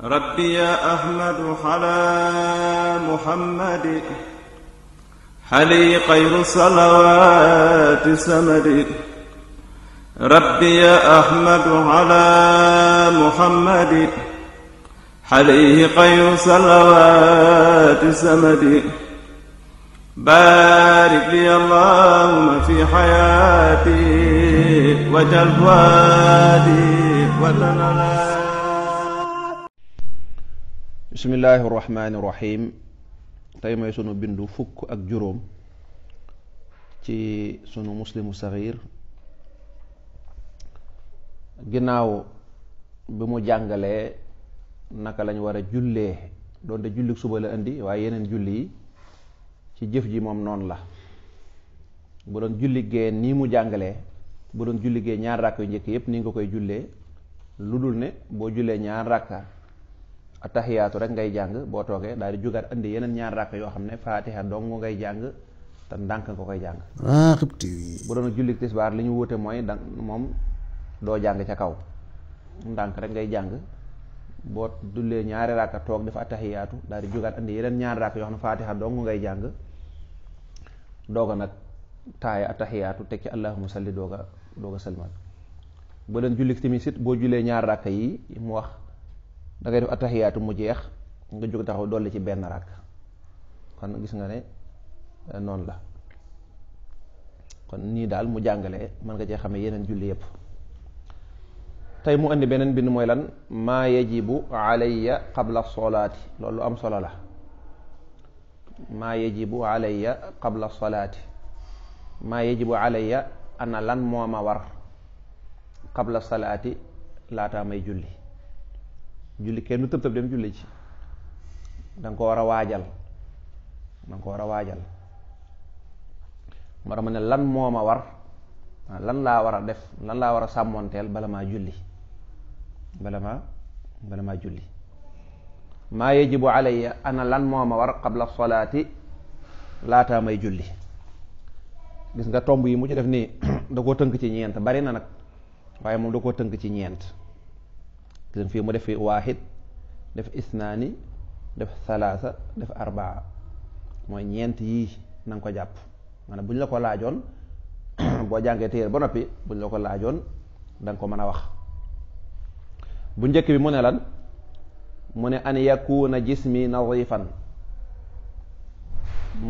rabbi ya ahmadu xalaa muhammadi xali xayru salawaati samadi rabbi ya ahmadu xalaa muhammadi xali xayru salawaati samadi baarik li allahuma fi xayaati wajal waadi wa tanala bismillaahi rahmaani rahiim tey mooy sunu bindu fukk ak juróom ci sunu muslimu saxiir ginnaaw bi mu jàngalee naka lañ war a jullee doonte jullik suba la indi waaye yeneen julli yi ci jëf ji moom noonu la bu doon julli gee nii mu jàngale bu doon julli gee ñaar ràkk yu njëkk yépp ni nga koy jullee lu dul ne boo jullee ñaar ràkka taxiyaatu rek ngay jàng boo toogee daal di jugaat indi yeneen ñaar ràkk yoo xam ne faatiha dong ngay jàng te ndànk nga koy jàng ah, bu doon jullik tisbaar li ñu wute mooy da moom doo jàng ca kaw ndànk rek ngay jàng boo dullee ñaari ràkka toog dafa attaxiyaatu daal di jugaat indi yeneen ñaari ràkk yoo xam ne faatiha dong ngay jàng nag taaya attaxiyaatu teg ci allahumma salli dooga dooga sëlmal bu leen jullee ñaari ràkk yi mu wax da ngay def attahiyaatu mu jeex nga jóg taxaw dolli ci benn rakk kon gis nga ne eh, noonu la kon nii daal mu jàngale man nga cee xame yeneen julli yépp tey mu indi beneen bind mooy lan maa yajibu alayya qabla solaati loolu am solo la maa yajibu alayya xabla solaati maa yajibu alayya ana lan moo ma war qabla salaati laataa may julli julli kenn du tëb tëb dem julli ci danga ko war a waajal da ko war a waajal moo tax ma ne lan moo ma war ah, lan laa war a def lan laa war a sàmmoonteel bala maa julli bala maa bala maa julli maa yajibu alayya ana lan moo ma war qabla solaati laataa may julli gis nga tomb yi mu ci def nii da koo tënk ci ñeent bari na nag waaye moom da koo tënk ci ñeent gis fii mu def fi waaxid def isnaani def salaasa def arbaa mooy ñeent yii na ko jàpp maanaam bu ñu la ko laajoon boo jàngee téere ba noppi bu ñu la ko laajoon danga ko mën a wax bu njëkk bi mu ne lan mu ne an yakuuna jismi nadifan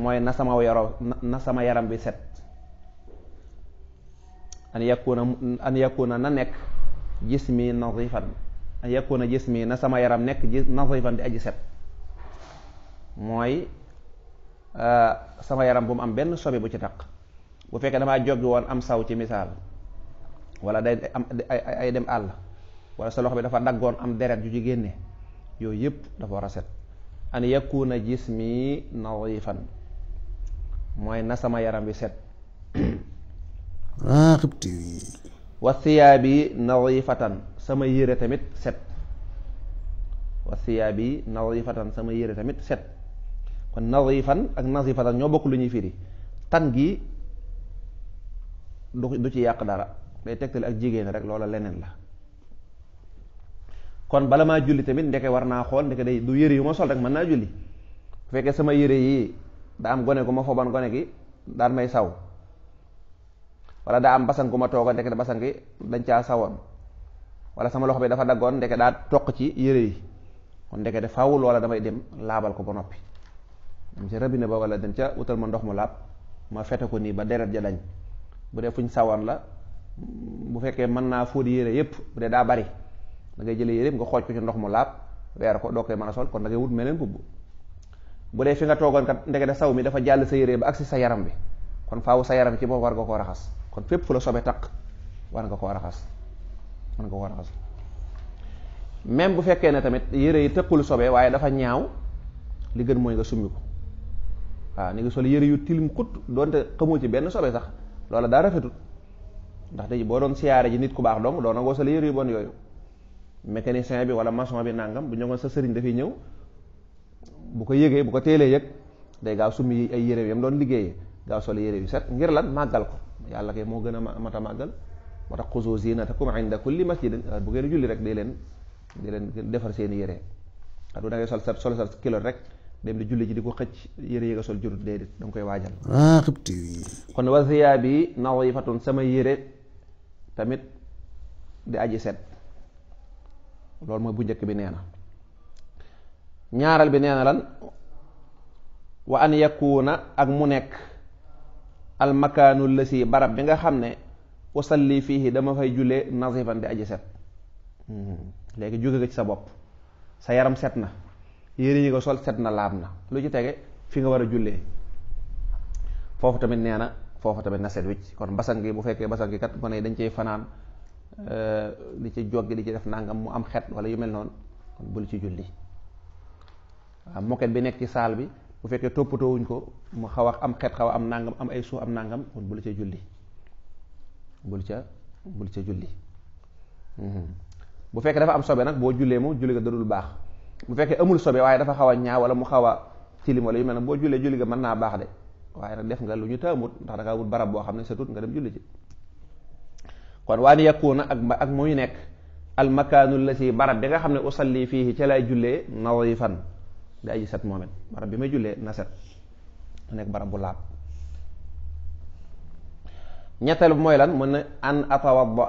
mooy na sama yaram na sama yaram bi set an yakuuna an na nekk jismi nadifan an yakuna mii na sama yaram nekk ji nazifan di aji set mooy euh, sama yaram bu mu am benn sobe bu ci taq bu fekkee damaa joggi woon am saw ci misaal wala day am ay dem àll wala sa loxo bi dafa daggoon am deret ju ci génne yooyu yëpp dafa raset a set an yakuna jismi nadifan mooy na sama yaram bi set wa thiyaabi nadifatan sama yére tamit set wa thiyaabi nadifatan sama yére tamit set kon fan ak yi nadifatan ñoo bokk lu ñuy firi tan gi du du ci yàq dara day tegtale ak jigéen rek loola leneen la kon bala maa julli tamit ndeke war naa xool ndeke day du yére yu ma sol rek mën naa julli bu fekkee sama yére yi daa am gone gu ma foban gone gi daan may saw wala daa am basan gu ma toogoon ndeke basan gi dañ caa sawoon wala sama loxo bi dafa daggoon ndeke daa toq ci yére yi kon ndeke de faaw loola damay dem laabal ko ba noppi dem ca robinet ba wala dem ca wutal ma ndox mu laab ma fete ko nii ba deret ja dañ bu dee la bu fekkee mën naa fóot yére yépp bu daa bari da ngay jëlee yére nga xooj ko ci ndox mu laab weer ko doo koy mën a sol kon da ngay wut meneen bubb bu dee fi nga toogoon kat ndeke de saw mi dafa jàll sa yére ba ak si sa yaram bi kon faaw sa yaram ci bopp war nga koo raxas kon fépp fu la sobe taq war nga koo raxas war nga koo raxas même bu fekkee ne tamit yére yi tëqul sobe waaye dafa ñaaw li gën mooy nga summi ko waaw ngi sol yére yu tilim xut doonte xamoo ci benn sobe sax loola daa rafetut ndax tey boo doon siyaare ji nit ku baax dong doo nangoo sol yére yu bon yooyu mécanicien bi wala mason bi nangam bu ñëwoon sa sëriñ dafay ñëw bu ko yëgee bu ko teelee yëg day gaaw summi ay yére yam doon liggéeyee gaaw sol yére yu set ngir lan màggal ko yàlla kay moo gën a mat a màggal moo tax xuzuu ziinatakum inda kulli masjid euh, bu ngeen julli rek day leen day leen defar seen yére du da sol sa sol sa kilo rek dem di julli ji di ko xëcc yére yi nga sol jurut déedéet da nga koy waajal ah, kon wa thiyaabi nadifatun sama yére tamit di aji set loolu mooy bu njëkk bi nee na ñaaral bi nee na lan wa an yakuuna ak mu nekk almakaanu lësi barab bi nga xam ne lii fii dama fay jullee nazifan di aji set hmm. léegi jóge nga ci sa bopp sa yaram set na yére yi nga sol set na laab na lu ci tege fi nga war a jullee foofu tamit nee na foofu tamit na set wicc kon basan gi bu fekkee basan gi kat gone yi dañ cey fanaan li euh, ci joggi di ci def nangam mu am xet wala yu mel noonu kon bul ci julli waaw moket bi nekk ci saal bi bu fekkee toppatoo wuñ ko mu xaw a am xet xaw am nangam am ay suuf am nangam kon bul ca julli bul ca bul ca julli hmm. bu fekkee dafa am sobe nag boo jullee moom julli ga dadul baax bu fekkee amul sobe waaye dafa xaw a ñaaw wala mu xaw a tilim wala yu mel ne boo jullee julli ga mën naa baax de waaye nag def nga lu ñu taamut ndax da ngaa wut barab boo xam ne sa setut nga dem julli ji kon waa ni yakkuuna ak ak muy nekk al makaanu la si barab bi nga xam ne usalli fii ci lay jullee nadifan di aji set moom it barab bi may jullee na set mu nekk barab bu laab ñetteel bi mooy lan mën na an atawadda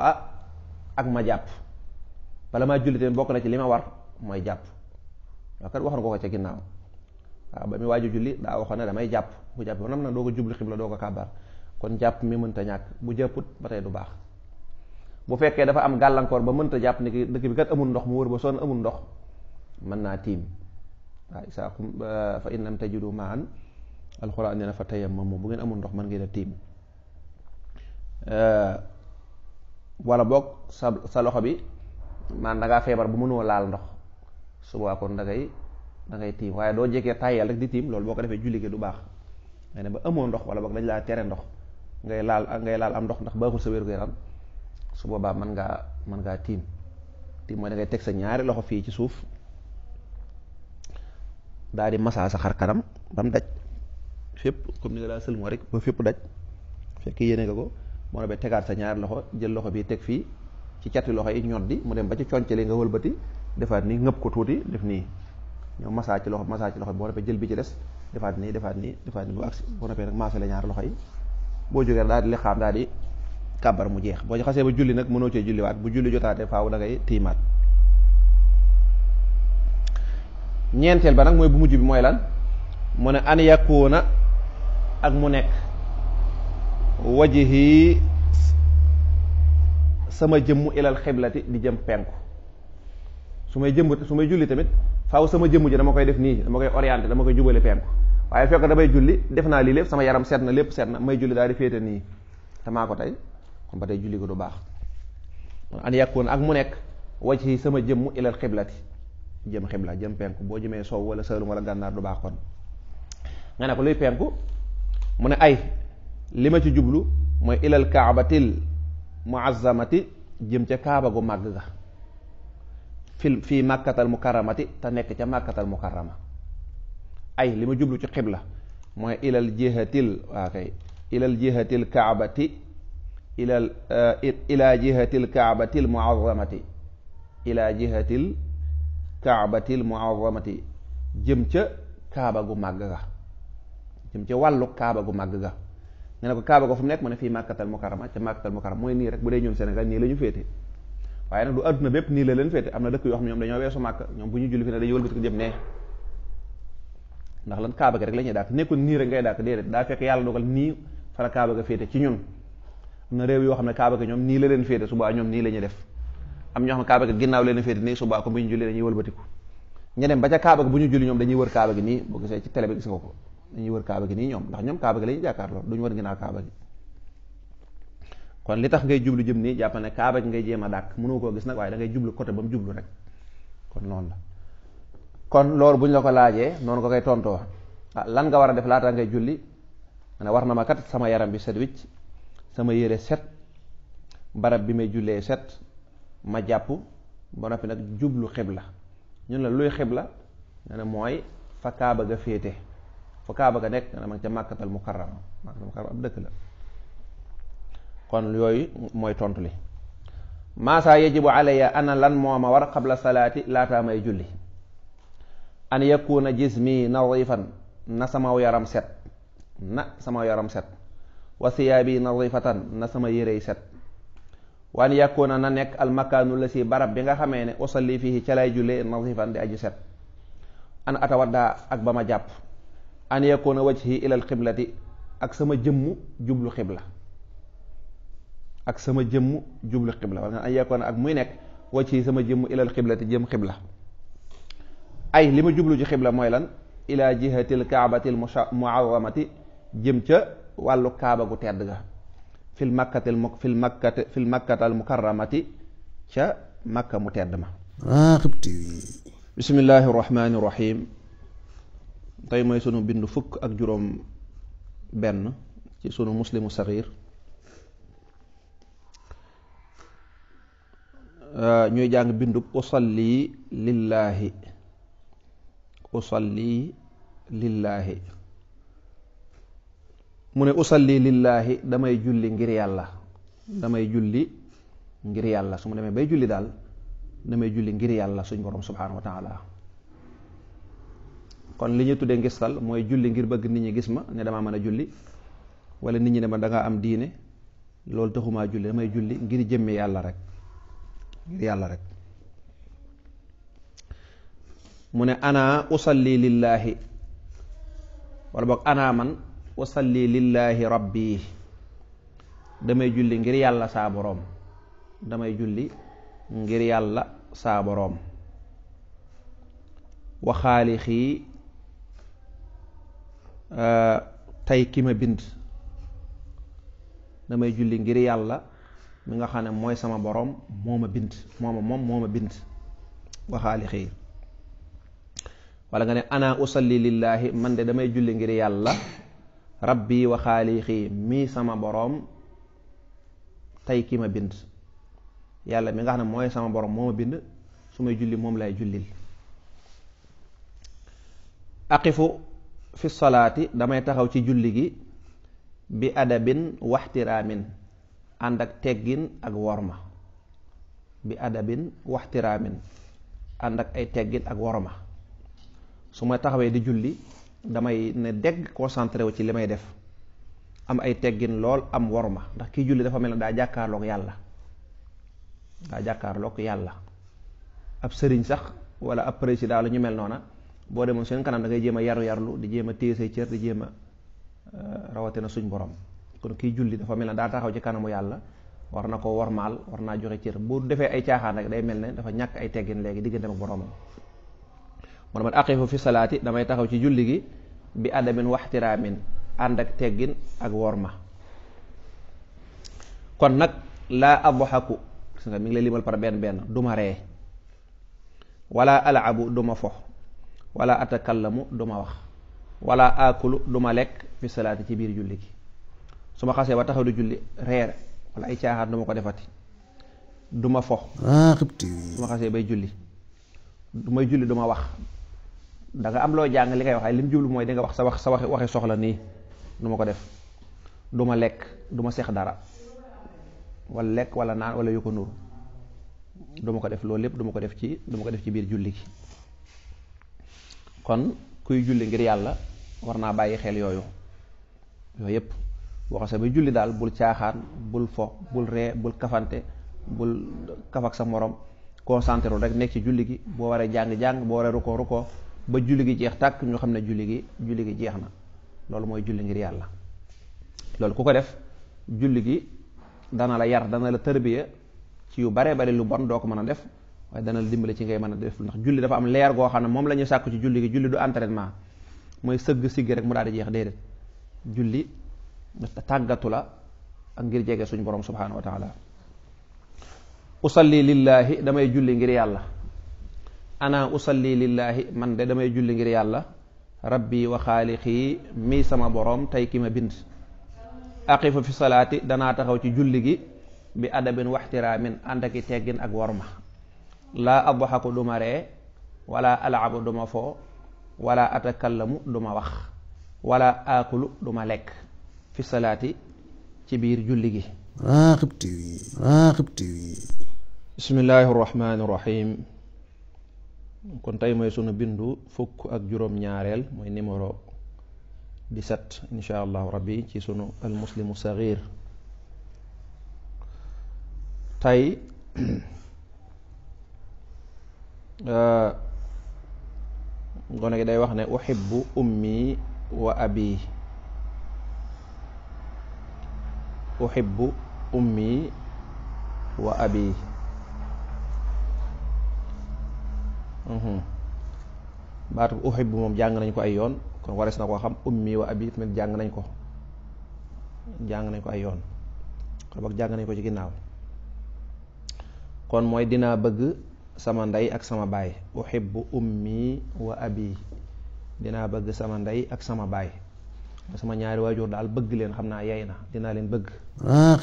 ak ma jàpp bala maa julli tamit bokk na ci li ma war mooy jàpp waaw kat waxoon ko ko ca ginnaaw waaw ba mu waaju julli daa waxoon ne damay jàpp bu jàpp nam na doo ko jublu xibla doo ko kàbbar kon jàpp mi mënta bu jàpput ba tey du baax bu fekkee dafa am gàllankoor ba mënta jàpp ni ki dëkk bi kat amul ndox mu wër ba sonn amul ndox mën naa tiim waaye saa xum fa in lam tajidu maan alxuraan nee na fa moom bu ngeen amul ndox mën ngeen a tiim wala boog sa sa loxo bi maan da ngaa feebar bu mënoo laal ndox subaa kon da ngay waaye doo jekkee tàyyal rek di tiim loolu boo ko defee julli du baax nee na ba amoo ndox wala boog dañ laa tere ndox ngay laal ngay laal am ndox ndax baaxul sa wér su boobaa mën ngaa mën ngaa tiim tiim mooy da teg sa ñaari loxo fii ci suuf daal di masaa sa xar kanam ba daj fépp comme ni nga daa sëlmoo rek ba fépp daj fekk yéene nga ko moo ne ba tegaat sa ñaar loxo jël loxo bii teg fii ci cati loxo yi ñoddi mu dem ba ci concali nga wëlbati defaat nii ngëpp ko tuuti def nii ñëw masaa ci loxo masaa ci loxo bi boo noppee jël bi ci des defaat nii defaat nii defaat nii bu agsi boo noppee nag la ñaari loxo yi boo jógee daal di li xaam daal di kàbbar mu jeex boo xasee ba julli nag mënoo cee julliwaat bu julli jotaatee faaw da ngay ñeenteel ba nag mooy bu mujj bi mooy lan mu ne an yakuuna ak mu nekk wajihi sama jëmm ilal xiblati di jëm penku su may jëmb su may julli tamit faaw sama jëmm ji dama koy def nii dama koy orienté dama koy jubale penku waaye fekk damay julli def naa lii lépp sama yaram seet na lépp seet na may julli daal di féete nii tamaa maa ko tey kon ba tey julli ko du baax an yàkkoon ak mu nekk waj yi sama jëmm ilal xiblati jëm xibla jëm penku boo jëmee sow wala saalum wala gànnaar du baaxoon nga ne ko luy penku mu ne ay li ma ci jublu mooy ilal kaabatil muazzamati jëm ca kaaba gu màgg ga fil fii màkkatal mukarramati te nekk ca màkkatal mukarrama ay li ma jublu ci xibla mooy ilal jihatil waa kay ilal jihatil kaabati ilal eh, ila jihatil jihatil kaabatil muazamati jëm ca kaaba gu màgg ga jëm ca wàllu kaaba gu màgg ga nga ne ko kaaba ga fu mu nekk mu ne fii màkkatal mukarama ca màkkatal mukarama mooy nii rek bu dee ñun Sénégal nii la ñu féete waaye nag du adduna bépp nii la leen féete am na dëkk yoo xam ne ñoom dañoo weesu màkk ñoom bu ñu julli fi ne dañuy ndax lan kaaba ga la ñuy dàkk nekkul nii rek ngay dàkk déedéet daa fekk yàlla dogal nii fara kaaba ga féete ci ñun am na réew yoo xam ne kaaba ga ñoom nii la leen féete subaa ñoom nii lañuy ñuy def am ñoo xam ne kaaba gi ginnaaw leen féete nii subaa ko bu ñu julli dañuy wëlbatiku ñe ba ca kaaba gi bu ñu julli ñoom dañuy wër kaaba gi nii boo gisee ci télé bi gis nga ko dañuy wër kaaba gi nii ñoom ndax ñoom kaaba gi lañuy jàkkaarloo duñu wër ginnaaw kaaba gi kon li tax ngay jublu jëm nii jàpp ne kaaba gi ngay jéem a dàkk mënu koo gis nag waaye da ngay jublu côté ba mu jublu rek kon noonu la kon loolu bu ñu la ko laajee noonu ko koy tontoo ah lan nga war a def laata ngay julli ne war na ma kat sama yaram bi set wicc sama yére set bi may jullee set ma jàpp ba noppi nag jublu xibla ñun la luy xibla nga ne mooy fa kaaba ga féete fa kaaba ga nekk nga ne ma ca màkkatal mukarram màkkatal mukarram ab dëkk la kon yooyu mooy tontu li maasaa yajibu alayya ana lan moo ma war xab la salaati laataa may julli an yakuna jismi nadifan na sama yaram set na sama yaram set wa siyaabi nadifatan na sama yérey set waan yàkkoona na nekk almakaanu la si barab bi nga xamee ne usalli fii ca lay jullee nazifan di aji set an atawadda ak ba ma jàpp an yàkkoona wajhi ilal xiblati ak sama jëmm jublu xibla ak sama jëmm jublu xibla wala an yàkkoona ak muy nekk wajhi sama jëmm ilal xiblati jëm xibla ay li ma jublu ci xibla mooy lan ila jihatil kaabatil muawamati jëm ca wàllu kaaba gu tedd ga fil makkati fil makkati fil makkati al mukarramati ca makka mu tedd ma ah, bismillaahi tey mooy sunu bind fukk ak juróom benn ci sunu muslimu saxiir ah, ñuy jàng bindub usalli lillaahi usalli lillaahi mu ne usalli lillaahi damay julli ngir yàlla damay julli ngir yàlla su ma demee bay julli daal damay julli ngir yàlla suñ borom subhaanahu wa taala kon li ñu tuddee ngistal mooy julli ngir bëgg nit ñi gis ma ne damaa mën a julli wala nit ñi ne ma dangaa am diine loolu taxumaa julli damay julli ngir jëmmi yàlla rek yàlla rek mu ne ana usalli lillaahi wala boog ana man wasalli lillaahi rabbi damay julli ngir yàlla saa boroom damay julli ngir yàlla saa boroom waxaalixii euh, tey ki ma bind damay julli ngir yàlla mi nga xam ne mooy sama boroom moo ma bind mooma moom moo ma bind waxaalixii wala nga ne ana usalli lillaahi man de damay julli ngir yàlla rabbi wa xaaliqi mii sama boroom tey ki ma bind yàlla mi nga xam ne mooy sama boroom moo ma bind su may julli moom lay jullil aqifu fi salaati damay taxaw ci julli gi bi adabin waxtiraamin ànd ak teggin ak worma bi adabin waxtiraamin ànd ak ay teggin ak worma su ma taxawee di julli damay ne dégg concentré wu ci li may def am ay teggin lool am worma ndax kii julli dafa mel ne daa jàkkaarloog yàlla daa jàkkaarloog yàlla ab sëriñ sax wala ab président la ñu mel noona boo demoon seen kanam da ngay jéem a yaru yarlu di jéem a téye say cër di jéem a euh, rawatina suñ borom kon kii julli dafa mel ne daa taxaw ci kanamu yàlla war na ko wormaal war naa joxe cër bu defee ay caaxaan rek day mel ne dafa ñàkk ay teggin léegi diggante ak boromam mu ne man aqifu fi damay taxaw ci julli gi bi adabin waxtiraamin ànd ak teggin ak worma kon nag laa adhaku gis nga mi ngi lay limal par benn benn duma ree wala alabu duma fo wala atakallamu duma wax wala akulu duma lekk fi ci biir julli gi su ma xasee ba taxaw di julli reer wala ay caaxaan duma ko defati duma fo su ma xasee bay julli du julli duma wax danga am loo jàng li ngay waxee ay lim jublu mooy di wax sa wax sa waxi waxi soxla nii nu ko def du ma lekk duma ma seex dara wala lekk wala naan wala yu ko duma ko def loolu lépp duma ko def ci du ko def ci biir julli gi kon kuy julli ngir yàlla war naa bàyyi xel yooyu yooyu yëpp boo xasee ba julli daal bul caaxaan bul fo bul ree bul kafante bul kafak sa morom concentré rek nekk ci julli gi boo waree jàng jàng boo waree rukkoo rukkoo ba julli gi jeex tàkk ñu xam ne julli gi julli gi jeex na loolu mooy julli ngir yàlla loolu ku ko def julli gi dana la yar dana la tërbiya ci yu baree bari lu bon doo ko mën a def waaye dana la dimbali ci ngay mën a def ndax julli dafa am leer goo xam ne moom la ñu sàkku ci julli gi julli du entraînement mooy sëgg sigg rek mu daal di jeex déedéet julli tàggatu la ak ngir jege suñu borom subhanahu wa taala usalli lillahi damay julli ngir yàlla ana usalli lillaahi man de damay julli ngir yàlla rabbi wa xaalixi mi sama boroom tey ki ma bind aqifu fi salaati danaa taxaw ci julli gi bi adabin waxtiraamin ànd aki teggin ak worma laa adxaku duma ree wala alaabu duma foo wala atakallamu duma wax wala aakulu duma lekk fi salaati ci biir julli gi Raghib TV Raghib kon tey mooy sunu bindu fukk ak juróom ñaareel mooy numéro 17 insha allahu rabbi ci sunu almuslimu saxiir tey euh, gone gi day wax ne uhibbu ummi wa abi uhibbu ummi wa abi Mhm. baatu uhibbu moom jàng nañ ko ay yoon kon warees na koo xam ummi wa abi tamit jàng nañ ko jàng nañ ko ay yoon kon boog nañ ko ci ginnaaw kon mooy dinaa bëgg sama ndey ak sama baay uhibbu ummi wa abi dinaa bëgg sama ndey ak sama baay sama ñaari waajur daal bëgg leen xam naa yey na dinaa leen bëgg ah,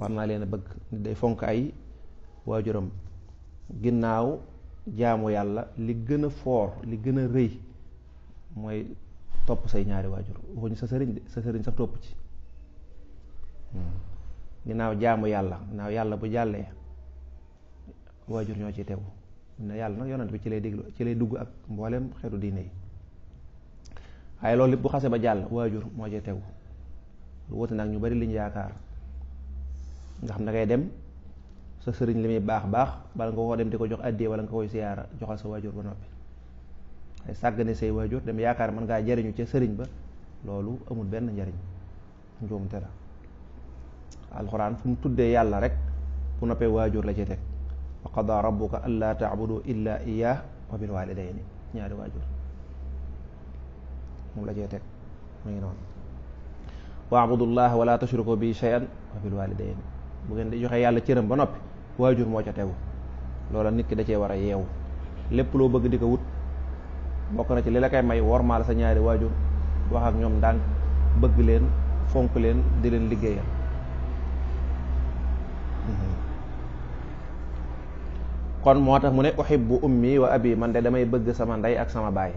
war naa leen a bëgg nit day fonk ay waajuram ginnaaw jaamu yàlla li gën a foor li gën a rëy mooy topp say ñaari waajur waxuñu sa sëriñ de sa sëriñ sax topp ci hmm. ginnaaw jaamu yàlla ginnaaw yàlla bu jàllee waajur ñoo ci tegu ne yàlla nag yonent bi ci lay déglu ci lay dugg ak mbooleem xeetu diine yi waaye loolu bu xase ba jàll waajur moo ci tegu lu nag ñu bari liñ yaakaar nga xam da ngay dem sa sëriñ li muy baax baax bala nga koo dem di ko jox àddee wala nga koy siyaara joxal sa waajur ba noppi ay sàggane say waajur dem yaakaar man ngaa jariñu ca sëriñ ba loolu amul benn njariñ njuumte la alxuraan fu mu tuddee yàlla rek bu noppee waajur la ci teg wa qada rabbuka allaa taabudu illa iyaah wa bil walidayni ñaari waajur moom la cee teg mu ngi noonu wa abudullaah wala tushriku bi shay'an wa bil walidayni bu ngeen di joxe yàlla cëram ba noppi waajur moo ca tegu loola nit ki da cee war a yeewu lépp loo bëgg di ko wut bokk na ci li la koy may wormaal sa ñaari waajur wax ak ñoom ndànk bëgg leen fonk leen di leen liggéeyal mhm. kon moo tax mu ne uhibbu ummi wa abi man de damay bëgg sama ndey ak sama baay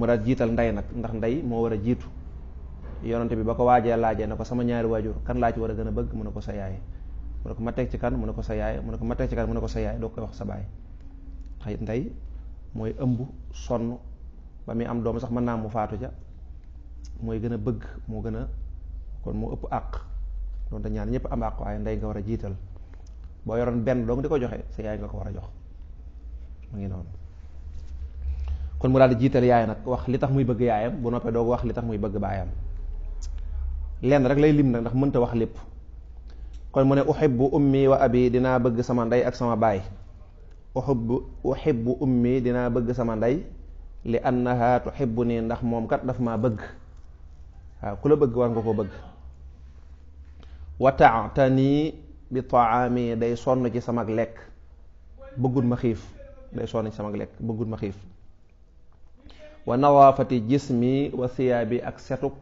mu daal jiital ndey nag ndax ndey moo war a jiitu yonante bi ba ko waajee laajee na ko sama ñaari waajur kan laa ci war a gën a bëgg mu ne ko sa yaay mu ne ko ma ci kan mu ne ko sa yaay mu ne ko ma teg ci kan mu ne ko sa yaay doo koy wax sa baay xëy ndey mooy ëmb sonn ba muy am doom sax mën naa mu faatu ja mooy gën a bëgg moo gën a kon moo ëpp àq doon te ñëpp am ndey nga war a jiital boo yoroon benn dong di ko sa yaay nga ko war a jox mu ngi noonu kon mu daal jiital yaay nag wax li tax muy bëgg yaayam bu noppee doog wax li tax muy bëgg baayam lenn rek lay lim nag ndax mënta wax lépp kon mu ne uhibbu ummi wa abi dinaa bëgg sama ndey ak sama baay uhibbu uhibbu ummi dinaa bëgg sama ndey li annaha tuhibbu nii ndax moom kat dafa ma bëgg waaw ku la bëgg war nga ko bëgg wa taatanii bi taami day sonn ci sama lekk bëggul ma xiif day sonn ci samag lekk bëggul ma xiif wa nawaafati jismi wa siyaabi ak setuk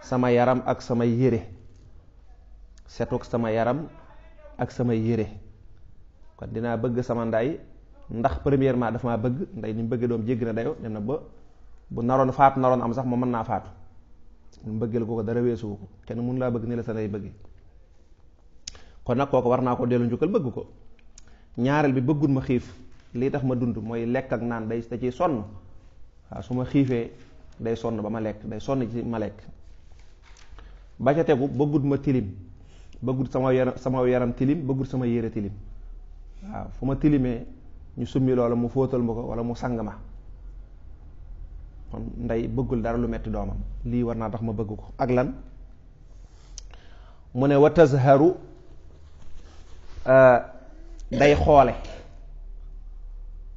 sama yaram ak sama yére setuk sama yaram ak sama yére kon dinaa bëgg sama ndey ndax premièrement dafa maa bëgg ndey ni mu bëggee doom jégg na dayoo dem na ba bu naroon faatu naroon am sax moom mën naa faatu mu bëggeel ko ko dara weesuwu kenn mun laa bëgg ni la sa ndey bëgge kon nag kooku war naa ko dellu njukkal bëgg ko ñaareel bi bëggul ma xiif lii tax ma dund mooy lekk ak naan day da ciy sonn waaw su ma xiifee day sonn ba ma lekk day sonn ci ma lekk ba ca tegu bëggul ma tilim bëggut sama yaram sama yaram tilim bëggut sama yére tilim waaw fu ma tilimee ñu summi loola mu fóotal ma ko wala mu sang ma kon ndey bëggul dara lu metti doomam lii war naa tax ma bëgg ko ak lan mu ne wa tazharu euh, day xoole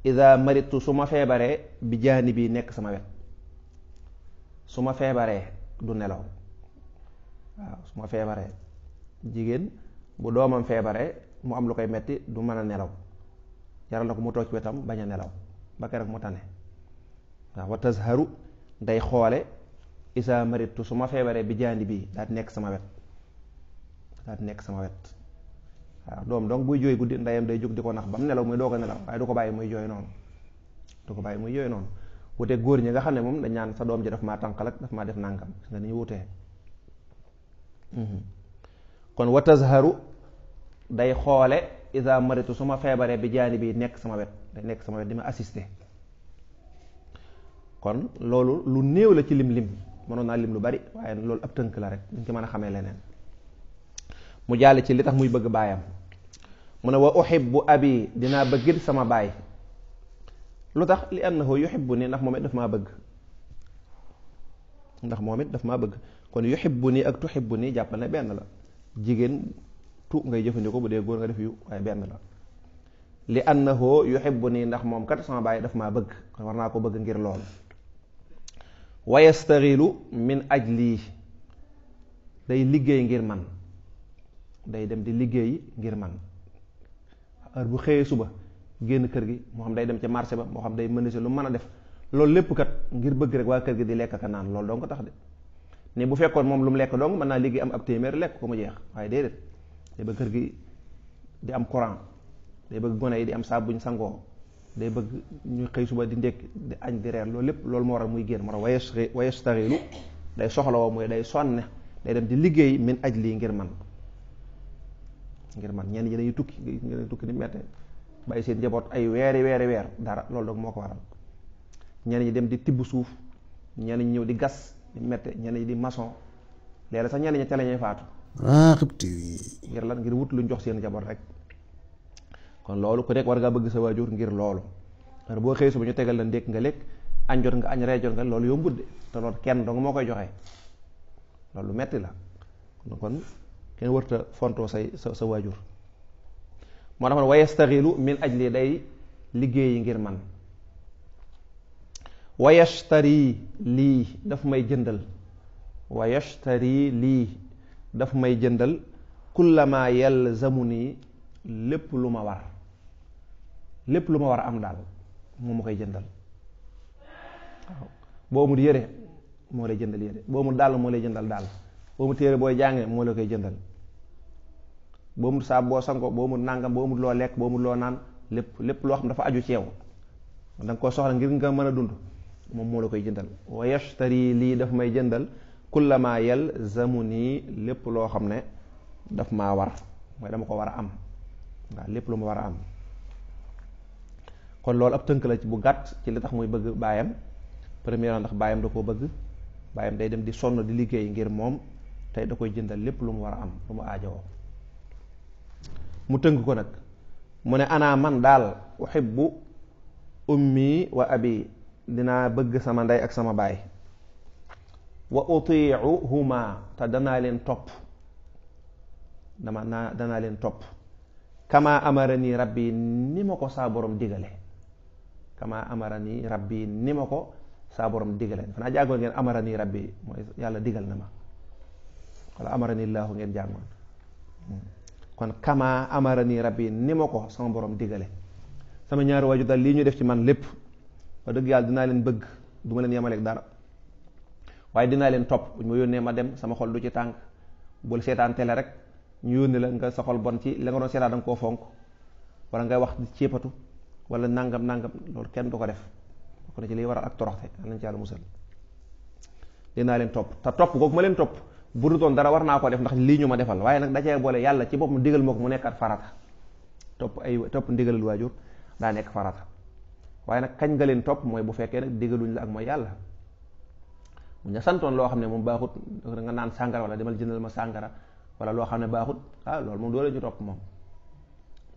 ida maritu su ma feebaree bi jaani bii nekk sama wet su ma feebaree du nelaw waaw su ma feebaree jigéen bu doomam feebare mu am lu koy metti du mën a nelaw jaral na ko mu toog ci wetam bañ a nelaw ba keroog mu tane waaw wa tazharu day xoole isa maritu su ma feebaree bi jaandi bii daal di nekk sama wet daal di nekk sama wet waaw doom donc buy jooy guddi ndeyam day jóg di ko nax ba nelaw muy doo ko nelaw waaye du ko bàyyi muy jooy noonu du ko bàyyi muy jooy noonu wutee góor ñi nga xam ne moom dañ ñaan sa doom ji daf maa tànqal ak daf maa def nànkam gis nga ñu wutee mhm. kon wa tazharu day xoole isa maritu suma ma feebaree bi jaani bi nekk sama wet day nekk sama wet di ma assister kon loolu lu néew la ci lim lim mënoon naa lim lu bari waaye loolu ab tënk la rek ñu ci mën a xamee leneen mu jàll ci li tax muy bëgg baayam mu ne wa bu abi dinaa bëggit sama baay lu tax li annahu yuhibbu ni ndax moom it daf maa bëgg ndax moom it daf bëgg kon yuhibbu ni ak tuhibbu ni jàppal ne benn la jigéen tu ngay jëfandikoo bu dee góor nga def yu waaye benn la li annahu yuhibbu nii ndax moom kat sama baay dafa maa bëgg kon war naa ko bëgg ngir lool wa yastaxilu min lii day liggéey ngir man day dem di liggéey ngir man heure bu xëyee suba génn kër gi moo xam day dem ca marché ba moo xam day menuisier lu mën a def loolu lépp kat ngir bëgg rek waa kër gi di lekk ka naan loolu doo ko tax de ni bu fekkoon moom lu mu lekk dong mën naa léegi am ab téeméer lekk ko mu jeex waaye déedéet day bëgg kër gi di am courant day bëgg gone yi di am saabu buñ sangoo day bëgg ñu xëy suba di ndékk di añ di reer loolu lépp loolu moo waral muy génn moo tax day soxla woo day sonne day di liggéey min aj lii ngir man ngir man ñenn ñi tukki tukki ni mette bàyyi seen ay weeri weeri weer dara loolu dog moo waral ñenn ñi dem di tibb suuf ñenn ñi ñëw di gas di mette ñenn ñi di maçon léeg-léeg sax ñenn ñi ca la ñuy faatu. Ah, ngir lan ngir wut luñ jox seen jaboot rek. kon loolu ko nekk war ngaa bëgg sa waajur ngir loolu heure boo xëy suba ñu tegal la ndékk nga lekk añ jot nga añ ree jot nga loolu yombut de te loolu kenn dong moo koy joxe loolu metti la kon kenn warta fontoo say sa sa waajur moo tax man wayastaxilu min ajli day liggéey yi ngir man wa yashtari lii dafa may jëndal wa lii dafa may jëndal kullama yalzamu nii lépp lu ma war lépp lu ma war a am daal moo ma koy jëndal waaw boo amul yére moo la jëndal yére boo amul dàll moo lay jëndal daal boo amul téere booy jànge moo la koy jëndal boo amul saab boo sango boo amul nàngam boo amul loo lekk boo amul loo naan lépp lépp loo xam dafa aju ci yow da koo soxla ngir nga mën a dund moom moo la koy jëndal wa lii dafa may jëndal kullama yalzamu nii lépp loo xam ne daf ma war mooy dama ko war a am waaw lépp lu ma war a am kon loolu ab tënk la ci bu gàtt ci li tax muy bëgg baayam première ndax baayam da koo bëgg baayam day dem di sonn di liggéey ngir moom tey da koy jëndal lépp lu mu war a am lu mu aajowoo mu tënk ko nag mu ne ana man daal uhibbu ummi wa abi dinaa bëgg sama ndey ak sama baay wa utiuhuma te danaa leen topp dama naa danaa leen topp kama amara nii rabbi ni ma ko saa borom digale kama amara nii rabbi ni ma ko saa borom digale fanaa jàngoon ngeen amara rab yi mooy yàlla digal na ma wala amara nii ngeen jàngoon hmm. kon kama amara nii rabbi ni ma ko sama borom digale sama ñaari waajur daal lii ñu def ci man lépp wax dëgg yàlla dinaa leen bëgg du ma leen yemaleeg dara waaye dinaa leen topp bu ñu ma yónnee ma dem sama xol du ci tànk bul seetaan télé rek ñu yónni la nga sa xol bon ci la nga doon seetaan da nga koo fonk wala ngay wax di céepatu wala nangam nangam loolu kenn du ko def bokk na ci liy waral ak toroxte am nañ ci yàlla musal dinaa leen topp te topp kooku ma leen topp bu du doon dara war naa ko def ndax lii ñu ma defal waaye nag da cee boole yàlla ci boppam digal moo ko mu nekkaat farata topp ay topp ndigalal waajur daa nekk farata waaye nag kañ nga leen topp mooy bu fekkee nag déggaluñ la ak mooy yàlla bu ñu santoon loo xam ne moom baaxut da nga naan sàngara wala demal jëndal ma sàngara wala loo xam ne baaxut ah loolu moom doo leen topp moom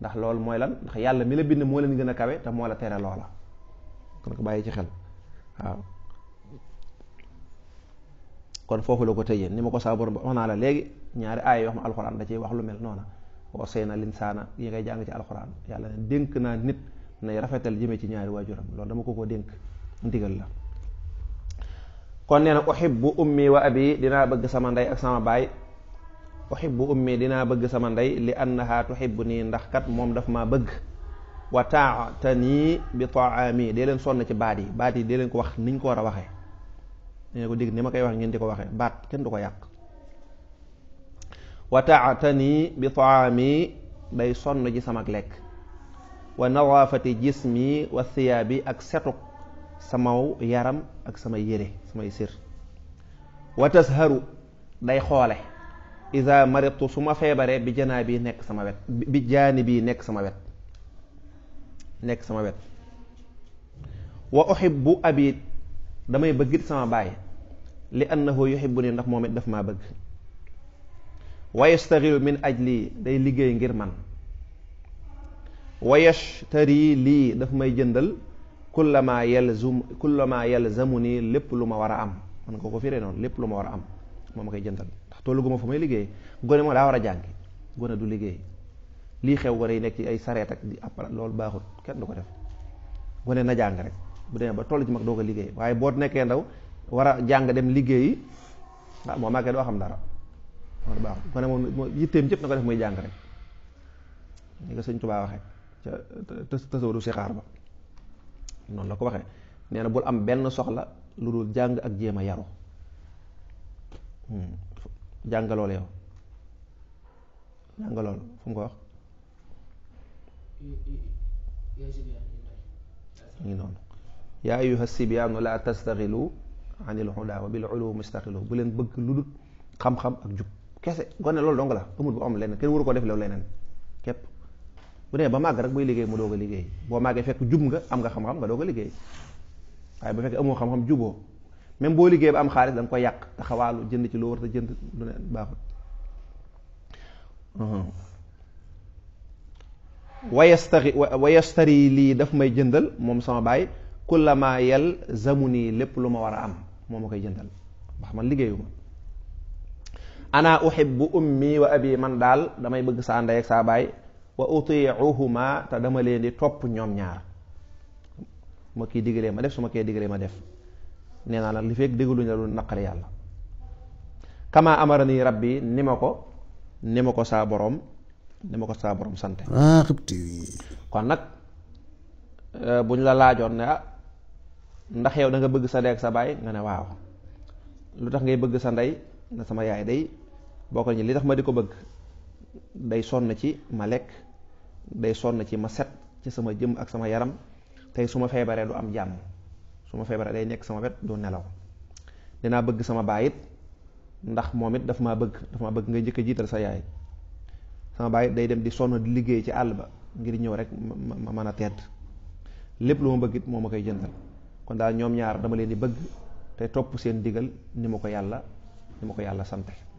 ndax loolu mooy lan yàlla mi la bind moo leen gën a kawe te moo la tere loola kon ko bàyyi ci xel waaw kon foofu la ko tëjee ni ma ko saa borom wax naa la léegi ñaari aay yoo xam alxuraan da ciy wax lu mel noona wasee na linsaana yi ngay jàng ci alxuraan yàlla ne dénk naa nit nay rafetal jëme ci ñaari waajuram loolu dama ko ko dénk ndigal la kon nee na uhibbu ummi wa abi dinaa bëgg sama ndey ak sama baay uhibbu ummi dinaa bëgg sama ndey li annaha tuhibbu nii ndax kat moom dafa maa bëgg wa taatanii bi taami de leen sonn ci baat yi baat yi dee leen ko wax niñ ko war a waxee dee ko dégg ni ma koy wax ngeen di ko waxee baat kenn du ko yàq wa taatanii bi taami day sonn ci sama lekk wa nawaafati jismi wa thiyaabi ak setuk samaw yaram ak samay yére samay sër wa tasharu day xoole ida maritu su ma feebaree bi janaa bi nekk sama wet bi jaani bii nekk sama wet nekk sama wet wa bu abi damay bëggit sama baay li annahu yuhibbu ni ndax moom it daf maa bëgg wa yastaxilu min ajli day liggéey ngir man wa yashtari lii dafa may jëndal kullama yalzum kullama yalzamu nii lépp lu ma war a am man nga ko firee noonu lépp lu ma war a am moom ma koy jëndal ndax tollu gu ma fa may liggéey gone moo daa war a jàngi gone du liggéey lii xew gone yi nekk ci ay sareet ak di loolu baaxut kenn du ko def gone na jàng bu demee ba toll ci mag doo liggéey waaye boo nekkee ndaw war a jàng dem liggéeyi ah moom màggee doo xam dara loolu baaxut gone moom yitteem yëpp na ko def muy jàng rek ni ko sëñ Tuubaa waxee ca tasawudu sixaar ba noonu la ko waxee nee na bul am benn soxla lu dul jàng ak jéem a yaru hmm. jàngalool yow jàngalool fu mu ko wax ngi noonu yaa ayyuha sibiyaanu laa tastaxilu anil hudaa wa bil ulumi istaxilu bu leen bëgg lu dul xam-xam ak jub kese gone loolu dong la amul bu am leneen kenn waru ko def loolu leneen képp bu dee ba màgg rek booy liggéey mu doog a liggéey boo màggee fekk jub nga am nga xam-xam nga doog a liggéey waaye ba fekkee amoo xam-xam juboo même boo liggéey ba am xaalis da ko koy yàq taxawaalu jënd ci loo war a jënd lu lii daf may jëndal moom sama baay kullama yel zamu nii lépp lu ma war a am moom ma koy jëndal wax man liggéeyuma ana uhibbu ummi wa abi man daal damay bëgg saa ndey ak saa baay wa utiuhuma te dama leen di topp ñoom ñaar ma kii digalee ma def su ma kee digalee ma def nee naa nag li fekk digaluñu la lu naqari yàlla kama amara nii bi ni ma ko ni ma ko saa boroom ni ma ko saa boroom sante ah, kon nag eh, bu ñu la laajoon ne ah ndax yow danga bëgg sa ndey ak sa baay nga ne waaw lu tax ngay bëgg sa ndey na sama yaay day bokk nañu li tax ma di ko bëgg day sonn ci ma lekk day sonn ci ma set ci sama jëm ak sama yaram tey su ma feebaree du am jàmm su ma feebaree day nekk sama wet du nelaw dinaa bëgg sama baay it ndax moom it daf maa bëgg dafa maa bëgg ngay jëkk a jiital sa yaay sama baay it day dem di sonn di liggéey ci àll ba ngir ñëw rek ma mën a tedd lépp lu ma bëgg it moo ma koy jëndal kon daal ñoom ñaar dama leen di bëgg te topp seen digal ni ma ko yàlla ni ma ko yàlla sante